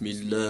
Mille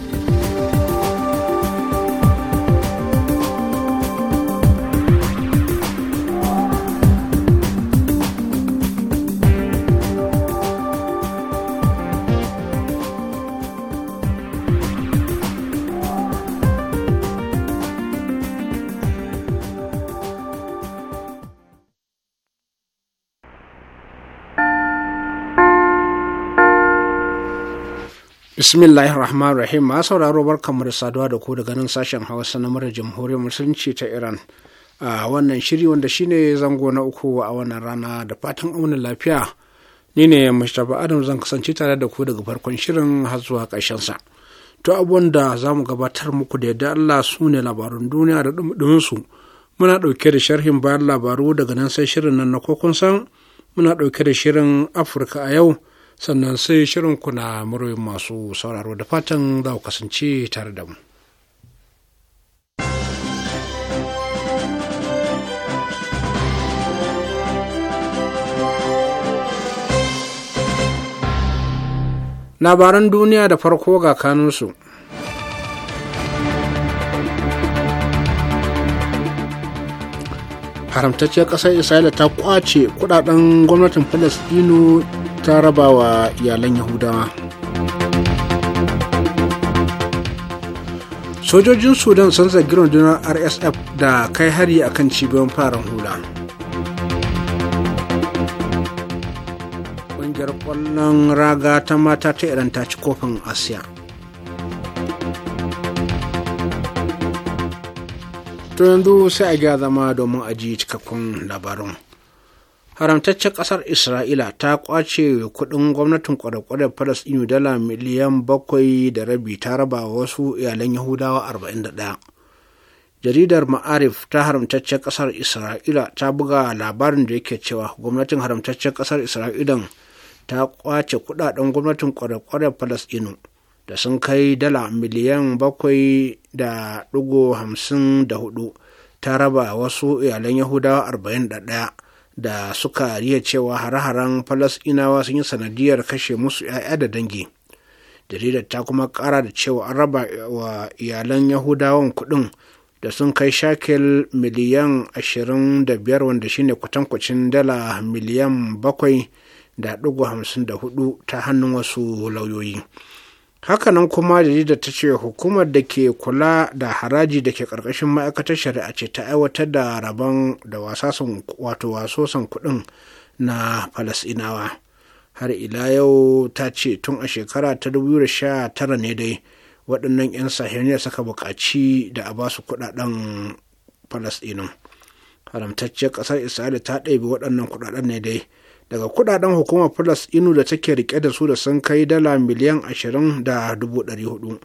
bismillahir rahmanir rahim ma sauraro barkanmu da saduwa da ku daga nan sashen hausa na murar jamhuriyar musulunci ta iran a wannan shiri wanda shine zango na uku a wannan rana da fatan auna lafiya ni ne mustapha adam zan kasance tare da ku daga farkon shirin har zuwa sa to abubuwan da za mu gabatar muku da yadda allah su ne labarun duniya da su muna ɗauke da sharhin bayan labaru daga nan sai shirin nan na kokon san muna ɗauke da shirin afirka a yau sannan sai shirin kuna muryoyin masu sauraro da fatan za ku kasance tare da mu. Labaran duniya da farko ga kanunsu. haramtacciyar ƙasar isra'ila ta kwace kudaden gwamnatin falastino ta raba wa iyalan yahudawa sojojin sudan sun zargi rundunar rsf da kai hari a kan cibiyar farin hula ƙungiyar ƙwallon raga ta mata ta iran ta ci kofin asiya to yanzu sai a gya zama domin aji cikakkun labarun. haramtaccen ƙasar isra'ila ta kwace kuɗin gwamnatin kwada-kwada falasɗinu dala miliyan bakwai da rabi ta raba wasu iyalan yahudawa 41 jaridar ma'arif ta haramtaccen ƙasar isra'ila ta buga labarin da yake cewa gwamnatin haramtaccen ƙasar Isra'ila ta kwace kuɗaɗen gwamnatin kwada-kwada falasɗinu da sun kai dala miliyan bakwai da ɗigo hamsin da hudu ta raba wasu iyalan yahudawa 41 da suka riya cewa hare-haren falasinawa sun yi sanadiyar kashe musu 'ya'ya da dangi jaridar ta kuma kara da cewa an raba wa iyalan yahudawan kuɗin da sun kai shakil miliyan 25 wanda shine kwatankwacin dala miliyan 7 da ta hannun wasu lauyoyi. hakanan kuma jaridar ta ce hukumar da ke kula da haraji da ke karkashin ma'aikatar shari'a ce ta aiwatar da rabon da wato wasosan kuɗin na falasinawa har ila yau ta ce tun a shekara ta 2019 ne dai waɗannan 'yan sahiyar suka buƙaci da a basu kuɗaɗen Falasɗinu. haramtacciyar ƙasar isra'ila ta ɗabi waɗannan kuɗaɗen ne dai daga kudaden hukumar plus inu da take rike da su da sun kai dala miliyan ashirin da dubu ɗari hudu.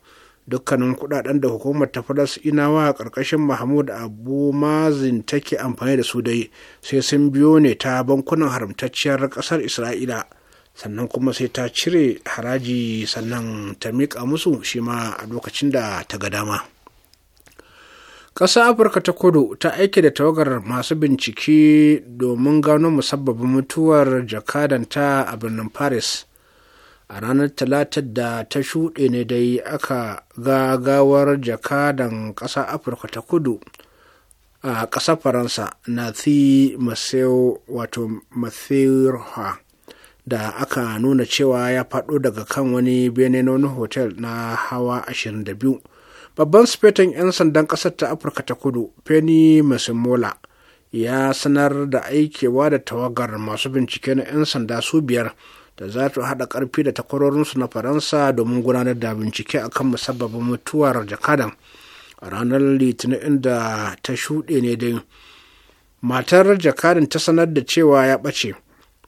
Dukkanin kudaden da hukumar ta Falasɗinawa a ƙarƙashin Mahmud Abu Mazin take amfani da su dai sai sun biyo ne ta bankunan haramtacciyar ƙasar Isra'ila. sannan kuma sai ta cire haraji sannan ta miƙa musu shima a lokacin da ta ga dama. ƙasar afirka ta kudu ta aiki da tawagar masu bincike domin gano musabbabin mutuwar jakadanta a birnin paris a ranar talatin da ta shuɗe ne dai aka ga gawar jakadan ƙasa afirka ta kudu a ƙasar faransa nathi maseo wato mathirha da aka nuna cewa ya faɗo daga kan wani bene wani hotel na hawa 22 babban sufetin 'yan sandan ƙasar ta afirka ta kudu feni masimola ya sanar da aikewa da tawagar masu bincike na 'yan sanda su biyar da za ta haɗa ƙarfi da takwarorinsu na faransa domin gudanar da bincike akan musabbabin mutuwar jakadan a ranar litinin inda ta shuɗe ne dai matar jakadan ta sanar da cewa ya ɓace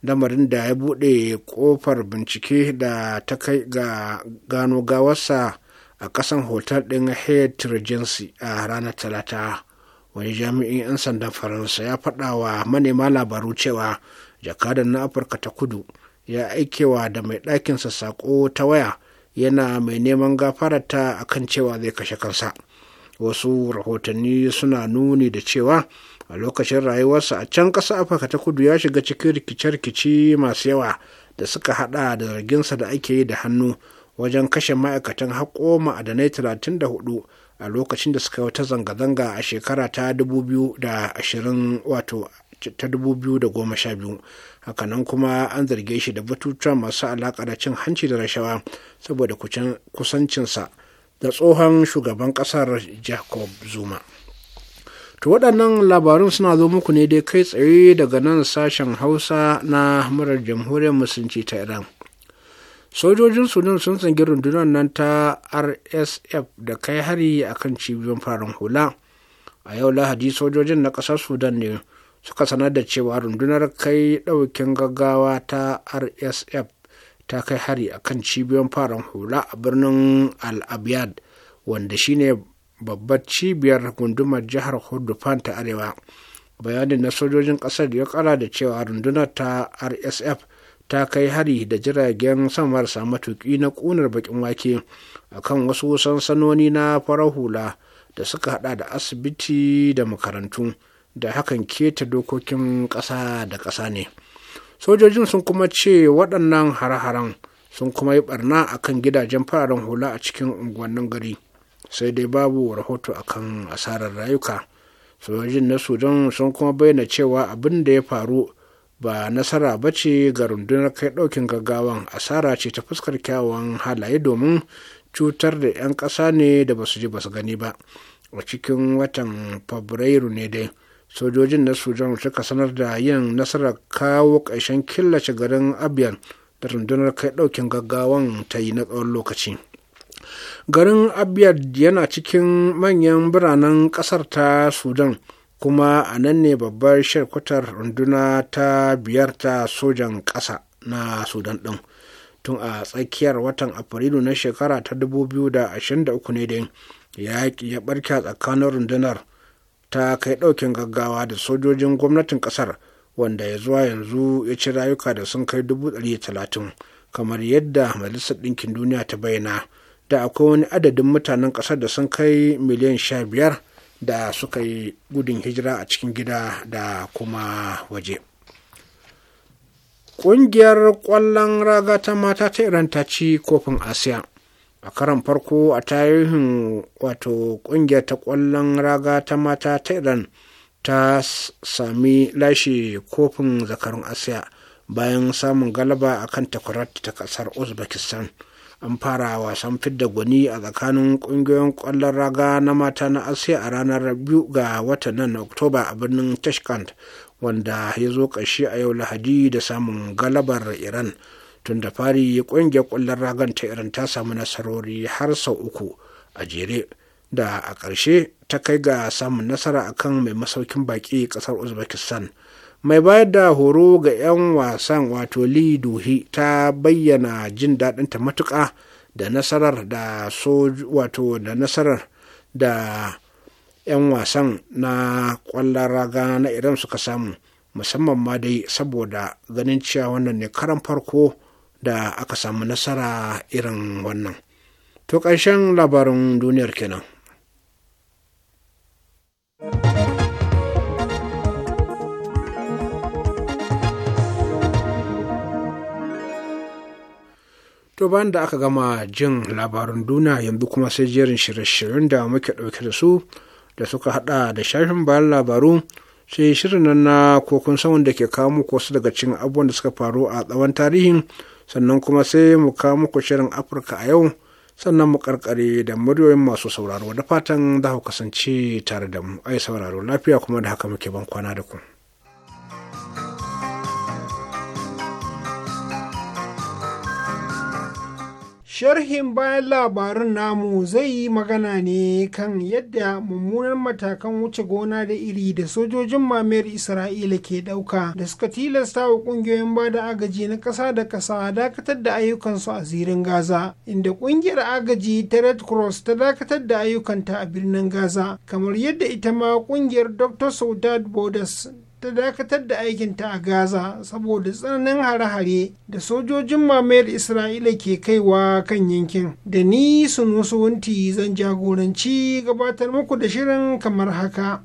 lamarin da ya buɗe ƙofar bincike da ta kai ga gano gawarsa a kasan hotel ɗin Hyatt Regency a ranar Talata. Wani jami'in 'yan sandan Faransa ya faɗa wa manema labaru cewa jakadan na Afirka ta kudu ya aikewa da mai ɗakinsa saƙo ta waya yana mai neman gafararta akan cewa zai kashe kansa. Wasu rahotanni suna nuni da cewa a lokacin rayuwarsa a can ƙasa Afirka ta kudu ya shiga cikin rikice-rikici masu yawa da suka haɗa da zarginsa da ake yi da hannu. wajen kashe ma'aikatan haƙo ma'adanai 34 a lokacin da suka wata zanga-zanga a shekara ta 2020 wato ta 2012 hakanan kuma an zarge shi da batutuwa masu alaƙa da cin hanci da rashawa saboda kusancinsa da tsohon shugaban ƙasar jacob zuma to waɗannan labarun suna zo muku ne dai kai tsaye daga nan sashen hausa na murar jamhuriyar musulunci ta iran sojojin sudan sun tsangi rundunar nan ta rsf da kai hari a kan cibiyoyin farin hula a yau lahadi sojojin na ƙasar sudan ne suka sanar da cewa rundunar kai daukin gaggawa ta rsf ta kai hari a kan cibiyoyin farin hula a birnin al-abiyad wanda shine babbar cibiyar gundumar jihar hordofan ta arewa bayanin na sojojin ƙasar ya kara da cewa rundunar ta rsf ta kai hari da jiragen samar marasa matuƙi na ƙunar baƙin wake akan wasu sansanoni na farar hula da suka hada da asibiti da makarantu da hakan keta dokokin ƙasa da ƙasa ne sojojin sun kuma ce waɗannan har haren sun kuma yi barna akan gidajen fararen hula a cikin unguwannin gari sai dai babu rahoto akan asarar rayuka sojojin na sudan sun kuma bayyana cewa abin da ya faru ba nasara ba ce ga rundunar kai ɗaukin gaggawan asara ce ta fuskar kyawawan halaye domin cutar da 'yan ƙasa ne da ba su ji ba su gani ba a cikin watan fabrairu ne dai sojojin na sudan suka sanar da yin nasarar kawo ƙarshen killace garin abiyan da rundunar kai ɗaukin gaggawan ta yi na tsawon lokaci garin abiyad yana cikin manyan biranen ƙasar ta sudan kuma a nan ne babbar shirkutar runduna ta biyar ta sojan ƙasa na sudan ɗin tun a tsakiyar watan afrilu na shekara ta 2023 ne dai yaƙi ya barke a tsakanin rundunar ta kai ɗaukin gaggawa da sojojin gwamnatin ƙasar wanda ya zuwa yanzu ya ci rayuka da sun kai 130 kamar yadda majalisar ɗinkin duniya ta bayyana da akwai wani adadin mutanen ƙasar da sun kai miliyan 15 da suka yi gudun hijira a cikin gida da kuma waje ƙungiyar ƙwallon raga ta mata ta iran ta ci kofin asiya a karan farko a tarihin wato ƙungiyar ta ƙwallon raga ta mata ta iran ta sami lashe kofin zakarun asiya bayan samun galaba a kan takwarar ta ƙasar uzbekistan an fara wasan fidda gwani a tsakanin kungiyoyin kwallon raga na mata na asiya a ranar biyu ga watan na oktoba a birnin tashkent wanda ya zo ƙarshe a yau lahadi da samun galabar iran tun da fari ƙungiyar ƙwallon ragan ta iran ta samu nasarori har sau uku a jere da a ƙarshe ta kai ga samun nasara akan mai masaukin baƙi ƙasar uzbekistan mai bayar da horo ga 'yan wasan wato liduhi ta bayyana jin daɗinta matuƙa da nasarar da wato da nasarar da 'yan wasan na ƙwallon raga na iran suka samu musamman ma dai saboda ganin cewa wannan ne karan farko da aka samu nasara irin wannan to ƙarshen labarin duniyar kenan To bayan da aka gama jin labarin duna yanzu kuma sai jerin shirye-shiryen da muke ɗauke da su da suka hada da shafin bayan labaru sai shirin nan na kokon saman da ke kawo muku wasu daga cikin abubuwan da suka faru a tsawon tarihin sannan kuma sai mu kawo muku shirin afirka a yau sannan mu karkare da muryoyin masu sauraro da fatan za ku kasance tare da mu ai sauraro lafiya kuma da haka muke ban kwana da ku. sharhin bayan labarun namu zai yi magana ne kan yadda mummunan matakan wuce gona da iri da sojojin mamayar isra'ila ke ɗauka da suka tilasta wa ƙungiyoyin ba da agaji na ƙasa da ƙasa dakatar da ayyukansu a zirin gaza inda ƙungiyar agaji ta red cross ta dakatar da ayyukanta a birnin gaza kamar yadda ita ma ƙungiyar dr saudad borders ta dakatar da aikinta a Gaza saboda tsananin hare-hare da sojojin mamayar Isra'ila ke kaiwa kan yankin. Da ni Sunusu Wunti zan jagoranci gabatar muku da shirin kamar haka.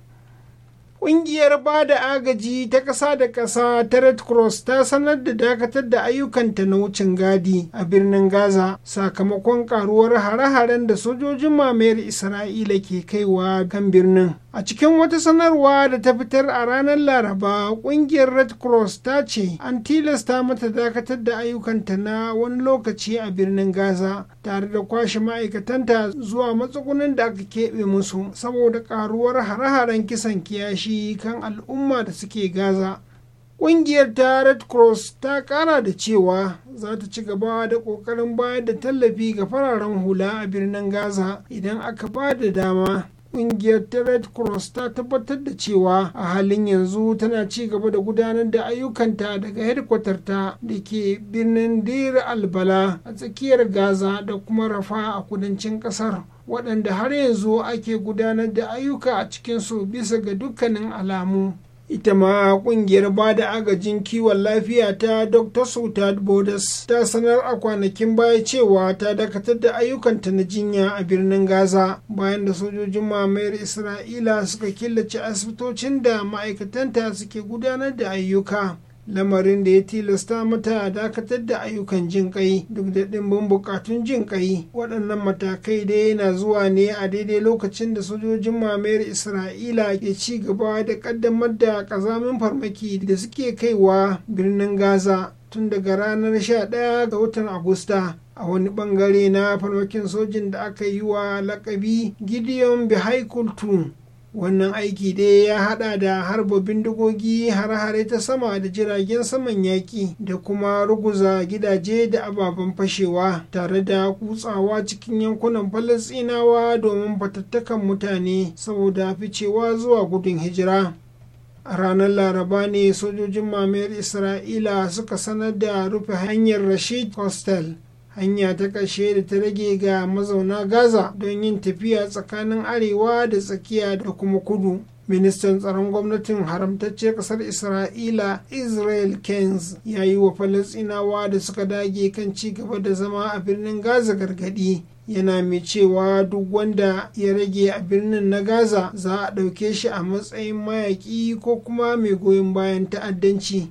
Ƙungiyar ba da agaji ta ƙasa da ƙasa ta Red Cross ta sanar da dakatar da ayyukanta na wucin gadi a birnin Gaza sakamakon karuwar hare-haren da sojojin mamayar Isra'ila ke kaiwa kan birnin. A cikin wata sanarwa da ta fitar a ranar Laraba, ƙungiyar Red Cross ta ce an tilasta mata dakatar da ayyukanta na wani lokaci a birnin Gaza tare da kwashe ma'aikatanta zuwa matsugunin da aka keɓe musu saboda karuwar hare-haren kisan kiyashi kan al'umma da suke gaza ƙungiyar ta red cross ta ƙara da cewa za ta ci gaba da ƙoƙarin bayar da tallafi ga fararen hula a birnin gaza idan aka ba da dama ƙungiyar ta red cross ta tabbatar da cewa a halin yanzu tana ci gaba da gudanar da ayyukanta daga ta da ke birnin dir albala a tsakiyar gaza da kuma rafa a kudancin ƙasar. waɗanda har yanzu ake gudanar da ayyuka a cikinsu bisa ga dukkanin alamu ita ma ƙungiyar ba da agajin kiwon lafiya ta dr sultan bodas ta sanar a kwanakin baya cewa ta dakatar da ayyukanta na jinya a birnin gaza bayan da sojojin mamayar isra'ila suka killace asibitocin da ma'aikatanta suke gudanar da ayyuka lamarin da ya tilasta mata a dakatar da ayyukan jin kai duk da ɗimbin bukatun jin kai waɗannan matakai da yana zuwa ne a daidai lokacin da sojojin mamayar isra'ila ke ci gaba da ƙaddamar da ƙazamin farmaki da suke kaiwa birnin gaza tun daga ranar 11 ga watan agusta a wani bangare na farmakin sojin da aka yi wa lakabi gideon behaikul wannan aiki dai ya hada da harba bindigogi har-hare ta sama da jiragen saman yaƙi da kuma ruguza gidaje da ababen fashewa tare da kutsawa cikin yankunan falasinawa domin fatattakan mutane saboda ficewa zuwa gudun hijira a ranar laraba ne sojojin mamayar isra'ila suka sanar da rufe hanyar rashid hostel hanya ta ƙarshe da ta rage ga mazauna gaza don yin tafiya tsakanin arewa da tsakiya da kuma kudu ministan tsaron gwamnatin haramtacce kasar isra'ila israel kenz ya yi wa falasinawa da suka dage kan ci gaba da zama a birnin gaza gargadi yana mai cewa duk wanda ya rage a birnin na gaza za a ɗauke shi a matsayin mayaƙi ko kuma mai goyon bayan ta'addanci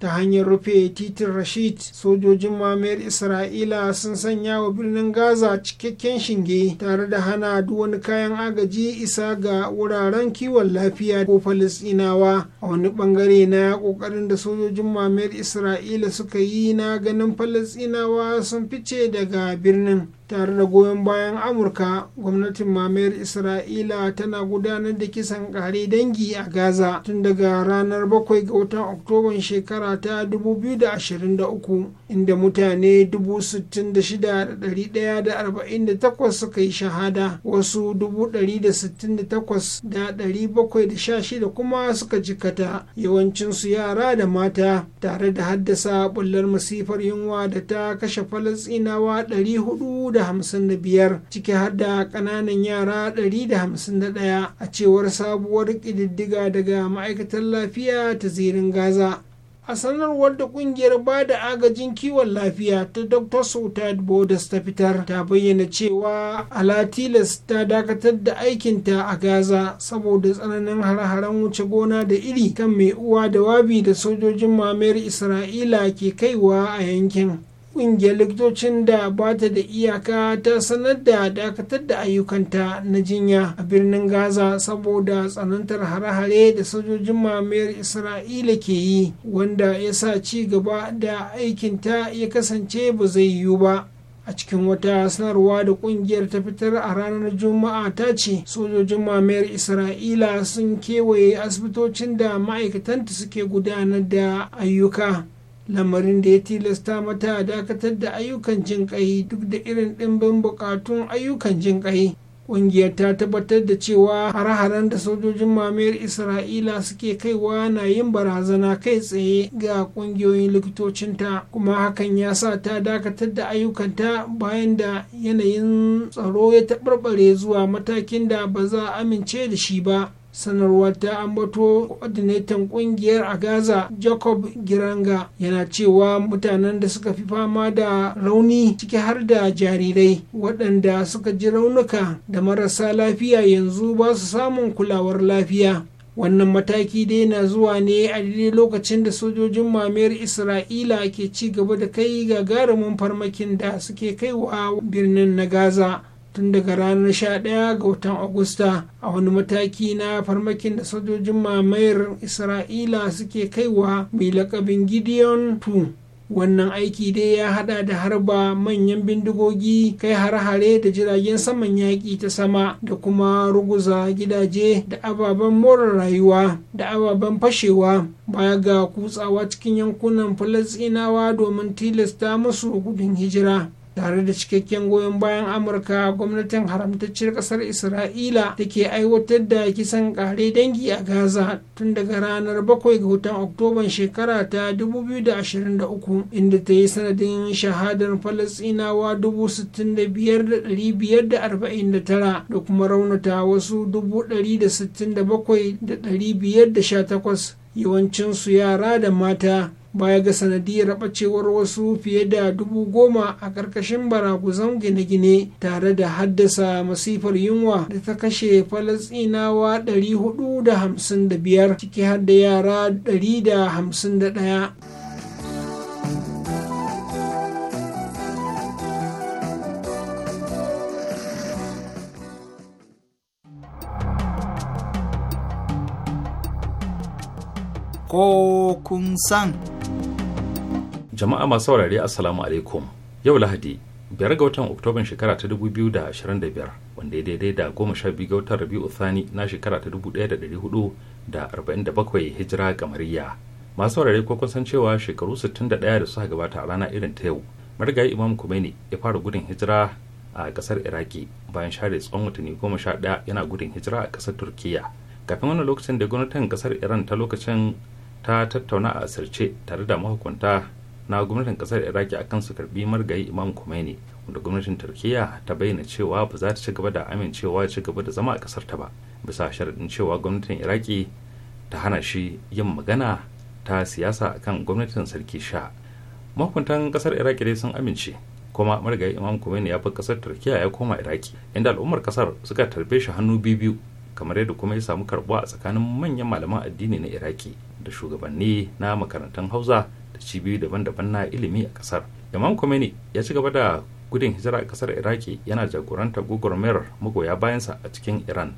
ta hanyar rufe titin rashid sojojin mamayar isra'ila sun sanya wa birnin gaza cikakken shinge tare da hana duk wani kayan agaji isa ga wuraren kiwon lafiya ko falisinawa a wani bangare na kokarin da sojojin mamayar isra'ila suka yi na ganin falisinawa sun fice daga birnin tare da goyon bayan amurka gwamnatin mamayar isra'ila tana gudanar da kisan kare dangi a gaza tun daga ranar 7 ga watan oktoban shekara ta 2023 inda mutane 66,148 suka yi shahada wasu 168,716 kuma suka jikata yawancinsu yara da mata tare da haddasa bullar masifar yunwa da ta kashe falasinawa 400 455 ciki har da kananan yara 151 a cewar sabuwar ƙididdiga daga ma'aikatar lafiya ta zirin gaza a sanarwar da kungiyar ba da agajin kiwon lafiya ta dr sultan bodas ta fitar ta bayyana cewa alatilas ta dakatar da aikinta a gaza saboda tsananin har-haren wuce gona da iri kan mai uwa da wabi da sojojin mamayar isra'ila ke kaiwa a yankin ƙungiyar likitocin da ba ta da iyaka ta sanar da dakatar da ayyukanta na jinya a birnin gaza saboda tsanantar hare-hare da sojojin mamayar isra'ila ke yi wanda ya sa ci gaba da aikinta ya kasance ba zai yiwu ba a cikin wata sanarwa da kungiyar ta fitar a ranar juma'a ta ce sojojin mamayar isra'ila sun kewaye asibitocin da ma'aikatanta suke gudanar da ayyuka lamarin da ya tilasta mata dakatar da ayyukan jin kai duk da irin ɗimbin buƙatun ayyukan jin kai ƙungiyar ta tabbatar da cewa har-haren da sojojin mamayar isra'ila suke kaiwa na yin barazana kai tsaye ga ƙungiyoyin likitocinta kuma hakan ya sa ta dakatar da ayyukanta bayan da yanayin tsaro ya taɓarɓare zuwa matakin da ba za a amince da shi ba sanarwar ta ambato coordinator kungiyar a gaza jacob giranga yana cewa mutanen da suka fi fama da rauni ciki har da jarirai waɗanda suka ji raunuka da marasa lafiya yanzu ba su samun kulawar lafiya wannan mataki dai na zuwa ne a daidai lokacin da sojojin mamayar isra'ila ke ci gaba da kai ga gagarumin farmakin da suke kaiwa birnin na gaza tun daga ranar 11 ga watan agusta a wani mataki na farmakin da sojojin mamayar isra'ila suke kaiwa mai lakabin gideon 2 wannan aiki dai ya hada da harba manyan bindigogi kai har-hare da jiragen saman yaƙi ta sama da kuma ruguza gidaje da ababen more rayuwa da ababen fashewa baya ga kutsawa cikin yankunan falasinawa domin tilasta musu gudun hijira tare da cikakken goyon bayan amurka gwamnatin haramtacciyar kasar isra'ila da ke aiwatar da kisan kare dangi a gaza tun daga ranar 7 ga watan oktoban shekara ta 2023 inda ta yi sanadin shahadar falasinawa 65,549 da kuma raunata wasu 167,518 yawancinsu yara da mata baya ga sanadiyar bacewar wasu fiye da dubu goma a ƙarƙashin baraguzan gine-gine tare da haddasa masifar yunwa da ta kashe falasinawa 455 ciki har da yara 151 Ko kun san. jama'a masu saurare assalamu alaikum yau lahadi biyar ga watan oktoban shekara ta 2025 wanda ya daidai da goma sha biyu ga watan rabi'u thani na shekara ta 1447 hijira gamariya masu saurare ko kun san cewa shekaru 61 da suka gabata a rana irin ta yau marigayi imam kumeni ya fara gudun hijira a kasar iraki bayan share tsawon watanni goma sha ɗaya yana gudun hijira a kasar turkiya kafin wannan lokacin da gwamnatin kasar iran ta lokacin ta tattauna a asirce tare da mahukunta na gwamnatin kasar iraki akan su karbi margayi imam khomeini wanda gwamnatin turkiyya ta bayyana cewa ba za ta ci gaba da amincewa ci gaba da zama a kasar ta ba bisa sharaɗin cewa gwamnatin iraki ta hana shi yin magana ta siyasa akan gwamnatin sarki sha mahukuntan kasar iraki dai sun amince kuma margayi imam khomeini ya fi kasar turkiya ya koma iraki inda al'ummar kasar suka tarbe shi hannu biyu kamar yadda kuma ya samu karbuwa a tsakanin manyan malaman addini na iraki da shugabanni na makarantun hausa da cibiyoyi daban-daban na ilimi a kasar imam khomeini ya ci gaba da gudun hijira a kasar iraki yana jagorantar gwagwarmayar magoya bayansa a cikin iran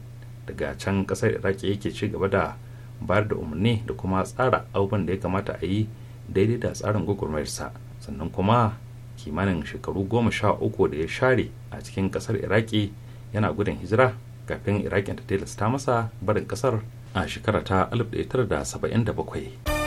daga can kasar iraki yake ci gaba da bayar da umarni da kuma tsara abubuwan da ya kamata a yi daidai da tsarin gwagwarmayarsa sannan kuma kimanin shekaru goma sha uku da ya share a cikin kasar iraki yana gudun hijira kafin Iraki ta tilasta masa barin kasar a shekara ta 1977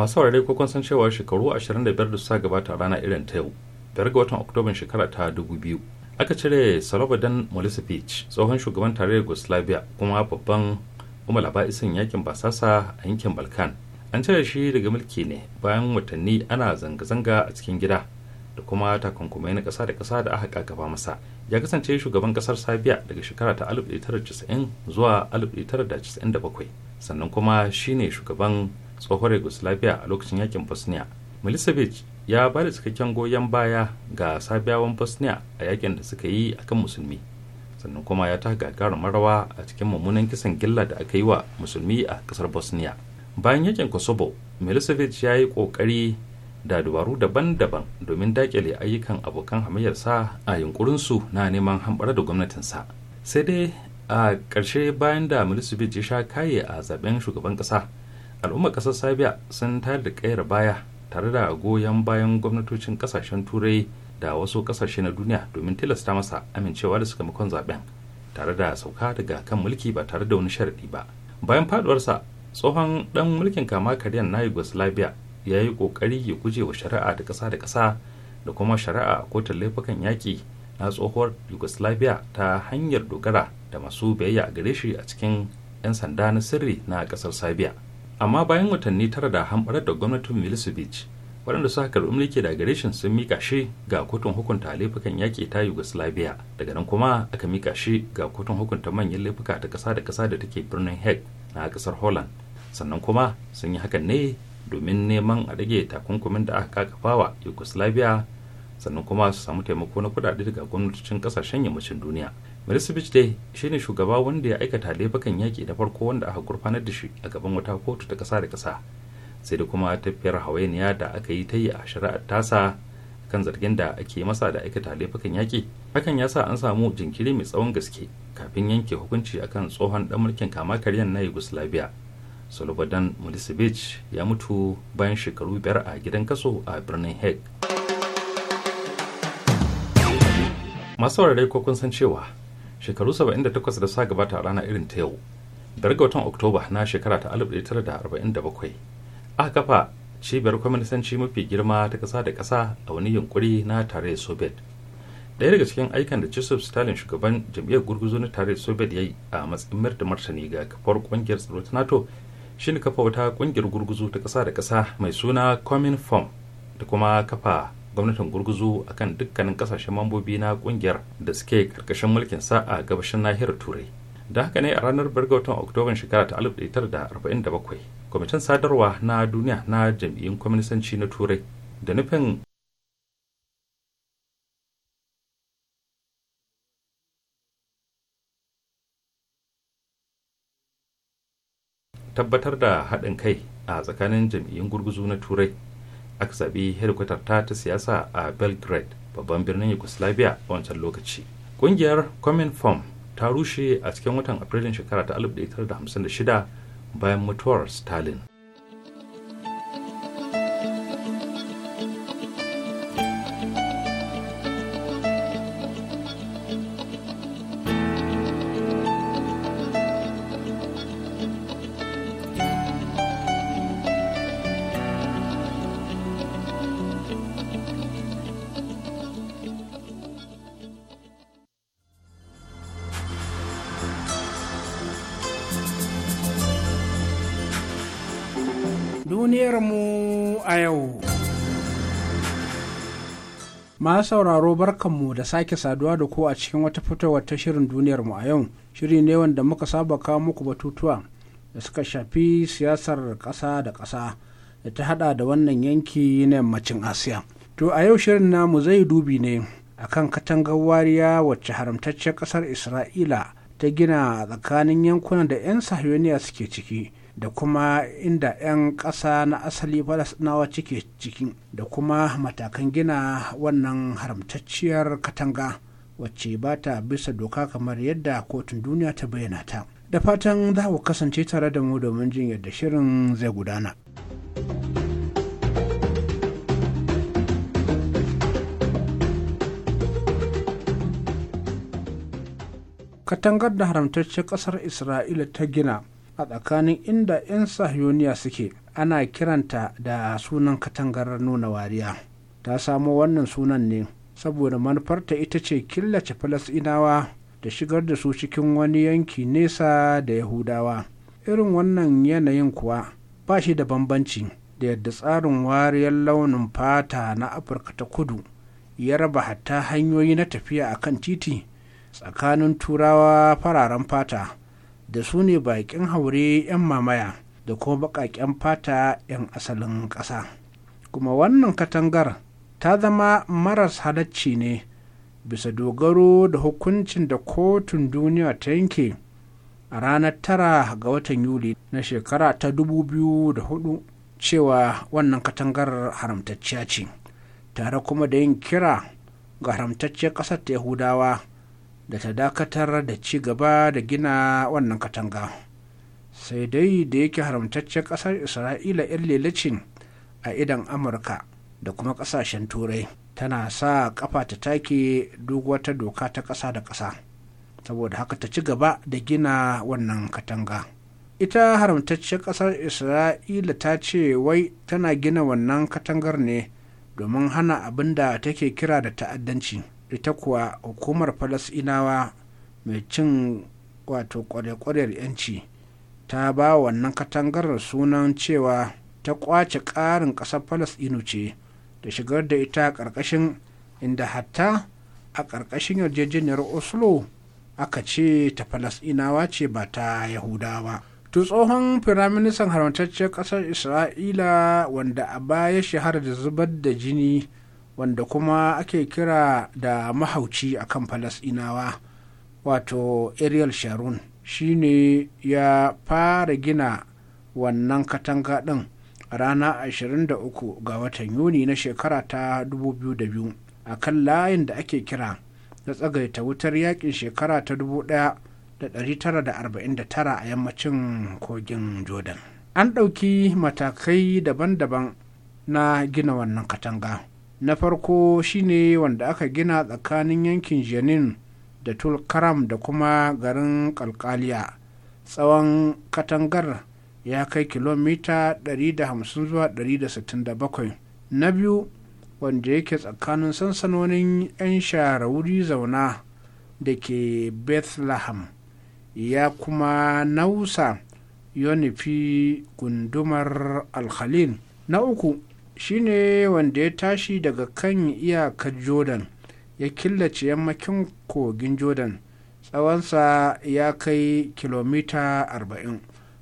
masu saurare ko san cewa shekaru 25 da suka gabata rana irin ta yau biyar ga watan oktoban shekara ta 2000 aka cire dan milosevic tsohon shugaban tarayyar yugoslavia kuma babban kuma laba'isin yakin basasa a yankin balkan an cire shi daga mulki ne bayan watanni ana zanga-zanga a cikin gida da kuma takunkumai na kasa da kasa da aka gaba masa ya kasance shugaban kasar sabiya daga shekara ta 1990 zuwa 1997 sannan kuma shine shugaban tsohuwar yugoslavia a lokacin yakin bosnia milicevic ya ba da cikakken goyon baya ga sabiyawan bosnia a yakin da suka yi akan musulmi sannan kuma ya ta gagarumin marawa a cikin mummunan kisan gilla da aka yi wa musulmi a kasar bosnia bayan yakin kosovo milicevic ya yi kokari da dubaru daban-daban domin dakile ayyukan abokan hamayyarsa a yunkurinsu na neman hambara da gwamnatinsa sai dai a ƙarshe bayan da milicevic ya sha kaye a zaben shugaban ƙasa al'ummar ƙasar sabiya sun tayar da ƙayar baya tare da goyon bayan gwamnatocin ƙasashen turai da wasu ƙasashe na duniya domin tilasta masa amincewa da sakamakon zaben tare da sauka daga kan mulki ba tare da wani sharaɗi ba bayan faduwarsa tsohon ɗan mulkin kama karyan na yugoslavia ya yi ƙoƙari ya guje wa shari'a da ƙasa da ƙasa da kuma shari'a a kotun laifukan yaƙi na tsohuwar yugoslavia ta hanyar dogara da masu biyayya a gare shi a cikin 'yan sanda na sirri na ƙasar sabiya amma bayan watanni tara da hamɓarar da gwamnatin milicevic waɗanda suka karɓi mulki da gare shi sun mika shi ga kotun hukunta laifukan yaƙi ta yugoslavia daga nan kuma aka mika shi ga kotun hukunta manyan laifuka ta ƙasa da ƙasa da take birnin hague na ƙasar holland sannan kuma sun yi hakan ne domin neman a rage takunkumin da aka wa yugoslavia sannan kuma su samu taimako na kuɗaɗe daga gwamnatocin ƙasashen yammacin duniya Milicevic dai shi ne shugaba wanda ya aikata laifukan yaki da farko wanda aka gurfanar da shi a gaban wata kotu ta ƙasa da ƙasa sai da kuma tafiyar hawainiya da aka yi ta yi a shari'ar tasa kan zargin da ake masa da aikata laifukan yaki. hakan ya sa an samu jinkiri mai tsawon gaske kafin yanke hukunci akan tsohon dan mulkin kama karyan na yugoslavia slobodan milicevic ya mutu bayan shekaru biyar a gidan kaso a birnin hague masu ko kun san cewa shekaru 78 da sa gabata a rana irin ta yau da ga watan oktoba na shekara ta 1947 aka kafa cibiyar kwaminisanci mafi girma ta kasa da kasa a wani yunkuri na tarayyar soviet ɗaya daga cikin aikan da joseph stalin shugaban jam'iyyar gurguzu na tarayyar soviet ya yi a matsayin mayar martani ga kafar ƙungiyar tsaro ta nato shine kafa wata ƙungiyar gurguzu ta ƙasa da kasa mai suna common form da kuma kafa gwamnatin gurguzu a kan dukkanin kasashen mambobi na kungiyar da suke karkashin mulkin sa a gabashin nahiyar turai da haka ne a ranar birga watan oktoban shekara ta 1947 kwamitin sadarwa na duniya na jam'iyyun kwaminisanci na turai da nufin tabbatar da haɗin kai a tsakanin jam'iyyun gurguzu na turai aka zaɓi hedikwatar ta ta siyasa a belgrade babban birnin yugoslavia a wancan lokaci ƙungiyar common form ta rushe a cikin watan afrilun shekara ta 1956 bayan mutuwar stalin masu sauraro barkanmu da sake saduwa da ku a cikin wata fitowar ta shirin duniyar mu a yau shiri ne wanda muka saba kawo muku batutuwa da suka shafi siyasar ƙasa da ƙasa da ta hada da wannan yanki na yammacin asiya to a yau shirin namu zai dubi ne akan katangar wariya wacce haramtaccen ƙasar isra'ila ta gina a tsakanin yankunan da 'yan sahiyoniya suke ciki da kuma inda 'yan ƙasa na asali falasɗinawa cike ciki da kuma matakan gina wannan haramtacciyar katanga wacce ba ta bisa doka kamar yadda kotun duniya ta bayyana ta da fatan za ku kasance tare da mu domin jin yadda shirin zai gudana. katangar da haramtacciyar ƙasar isra'ila ta gina a tsakanin inda 'yan sahiyoniya suke ana kiranta da sunan katangar nuna wariya ta samo wannan sunan ne saboda manufarta ita ce killace falasinawa da shigar da su cikin wani yanki nesa da yahudawa irin wannan yanayin kuwa ba shi da bambanci da yadda tsarin wariyar launin fata na afirka ta kudu ya raba hatta hanyoyi na tafiya a kan titi tsakanin turawa fararen fata da su ne baƙin haure 'yan mamaya da kuma baƙaƙen fata 'yan asalin ƙasa kuma wannan katangar ta zama maras halacci ne bisa dogaro da hukuncin da kotun duniya ta yanke a ranar tara ga watan yuli na shekara ta 2004 cewa wannan katangar haramtacciya ce tare kuma da yin kira ga haramtacciyar ƙasar ta yahudawa da ta dakatar da ci gaba da gina wannan katanga sai dai da yake haramtaccen ƙasar isra'ila 'yan lelacin a idan amurka da kuma ƙasashen turai tana sa ƙafa ta take duk wata doka ta ƙasa da ƙasa saboda haka ta ci gaba da gina wannan katanga ita haramtacce ƙasar isra'ila ta ce wai tana gina wannan katangar ne domin hana abin da take kira da ta'addanci ita kuwa hukumar falasinawa mai cin wato kwarekwarar 'yanci ta ba wannan katangar sunan cewa ta kwace ƙarin ƙasar falasɗinu ce da shigar da ita a ƙarƙashin inda hatta a ƙarƙashin yarjejeniyar oslo aka ce ta falasɗinawa ce ba ta yahudawa to tsohon firaministan haramtacciyar ƙasar isra'ila wanda a baya shahara da zubar da jini wanda kuma ake kira da mahauci a kan falasɗinawa wato ariel sharon ne ya fara gina wannan katanga ɗin rana 23 ga watan yuni na shekara ta 2002 a kan layin da ake kira na tsagaita wutar yakin shekara ta 1949 a yammacin kogin jordan an ɗauki matakai daban-daban na gina wannan katanga na farko shine wanda aka gina tsakanin yankin jenin da tulkaram da kuma garin kalkaliya tsawon katangar ya kai kilomita 150 zuwa 167 na biyu wanda yake tsakanin sansanonin 'yan shara zauna da ke bethlehem ya kuma nausa yonifi gundumar alkhalin na uku shine wanda ya tashi daga kan iyakar jordan ya killace yammakin kogin jordan tsawonsa ya kai kilomita 40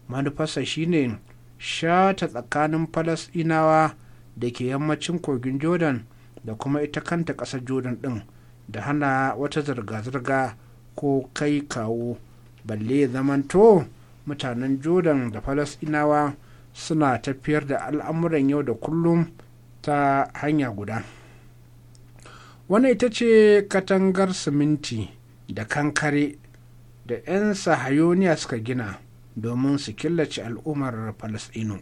manufarsa shine shata tsakanin falasinawa da ke yammacin kogin jordan da kuma ita kanta ƙasar jordan ɗin da hana wata zirga-zirga ko kai kawo balle zamanto mutanen jordan da falasinawa suna tafiyar da al'amuran yau da kullum ta hanya guda wannan ita ce katangar siminti da kankare da 'yan sahayoniya suka gina domin su killace al'ummar falasɗinu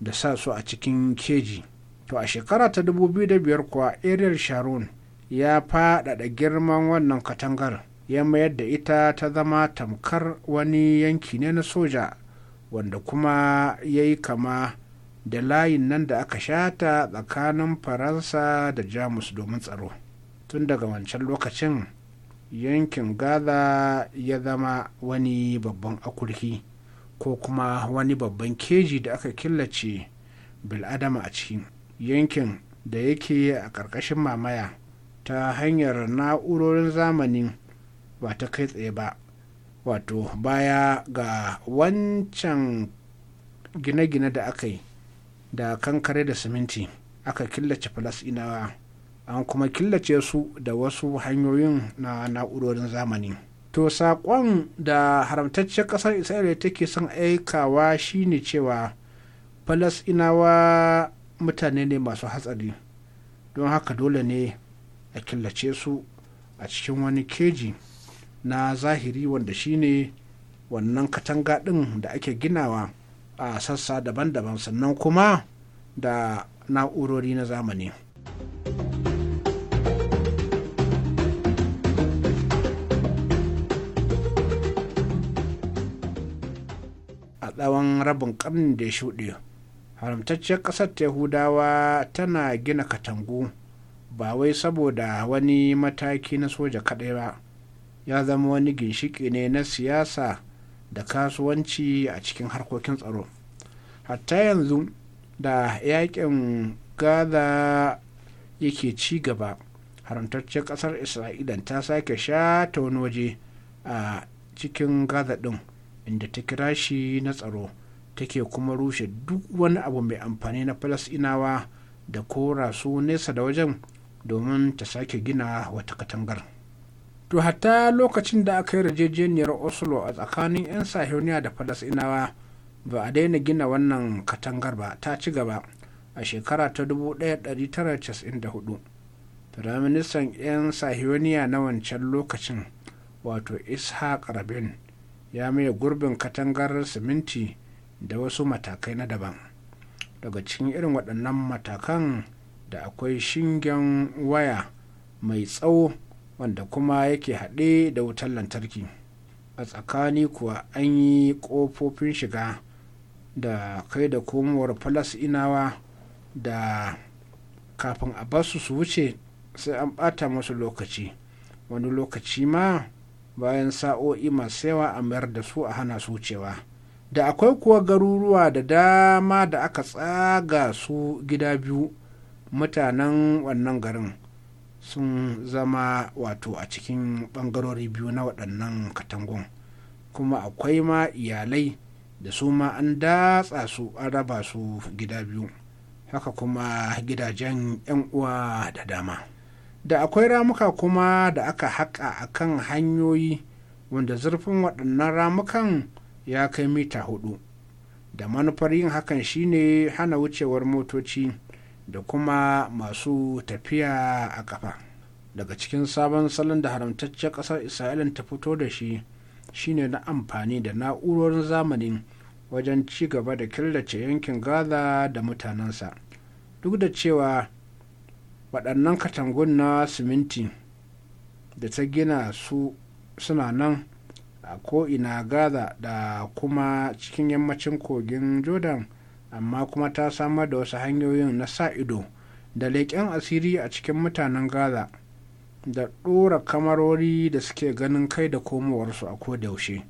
da sa su a cikin keji to a shekara ta 2005 kuwa ariel sharon ya faɗaɗa girman wannan katangar ya mayar da ita ta zama tamkar wani yanki ne na soja wanda kuma ya yi kama da layin nan da aka shata tsakanin faransa da jamus domin tsaro tun daga wancan lokacin yankin gaza ya zama wani babban akurki ko kuma wani babban keji da aka killace bil'adama a cikin yankin da yake a ƙarƙashin mamaya ta hanyar na'urorin zamani ba ta kai tsaye ba wato baya ga wancan gine-gine da aka yi da kankare da siminti aka killace falasinawa an kuma killace su da wasu hanyoyin na na'urorin zamani to saƙon da haramtacce ƙasar isra'ila take son aikawa shine cewa inawa mutane ne masu hatsari don haka dole ne a killace su a cikin wani keji na zahiri wanda shine wannan katanga ɗin da ake ginawa a sassa daban-daban sannan kuma da na'urori na zamani. a tsawon rabin ƙarnin da ya shuɗe haramtacciyar ƙasar yahudawa tana gina katangu ba wai saboda wani mataki na soja kaɗai ba ya zama wani ginshiƙi ne na siyasa da kasuwanci a cikin harkokin tsaro hatta yanzu da yakin gaza yake ci gaba haramtaccen kasar isra'ila ta sake shata wani waje a cikin gaza din inda ta kira shi na tsaro take kuma rushe duk wani abu mai amfani na falasinawa da kora su nesa da wajen domin ta sake gina wata katangar. to hatta lokacin da aka yi rajejeniyar oslo a tsakanin 'yan sahiyoniya da falasinawa ba a daina gina wannan katangar ba ta ci gaba a shekara ta 1994 firaministan 'yan sahiyoniya na wancan lokacin wato ishaq rabin ya maye gurbin katangar siminti da wasu matakai na daban daga cikin irin waɗannan matakan da akwai shingen waya mai tsawo wanda kuma yake haɗe da wutar lantarki a tsakani kuwa an yi ƙofofin shiga da kai da komowar falas inawa da kafin a basu su wuce sai an ɓata masu lokaci wani lokaci ma bayan sa'o'i masu yawa a mayar da su a hana su wucewa da akwai kuwa garuruwa da dama da aka tsaga su gida biyu mutanen wannan garin sun zama wato a cikin bangarori biyu na waɗannan katangun kuma akwai ma iyalai da su ma an datsa su an raba su gida biyu haka kuma gidajen 'yan uwa da dama da akwai ramuka kuma da aka haƙa a kan hanyoyi wanda zurfin waɗannan ramukan ya kai mita hudu da manufar yin hakan shine hana wucewar motoci da kuma masu tafiya a kafa daga cikin sabon salon da haramtacciyar ƙasar isra'ila ta fito da shi shine na amfani da na'urorin zamani wajen ci gaba da killace yankin gaza da mutanensa duk da cewa waɗannan katangun na siminti da ta gina su suna nan a ko'ina gaza da kuma cikin yammacin kogin jordan amma kuma ta samar da wasu hanyoyin na sa ido da leƙen asiri a cikin mutanen gaza da ɗora kamarori da suke ganin kai da komowarsu a yaushe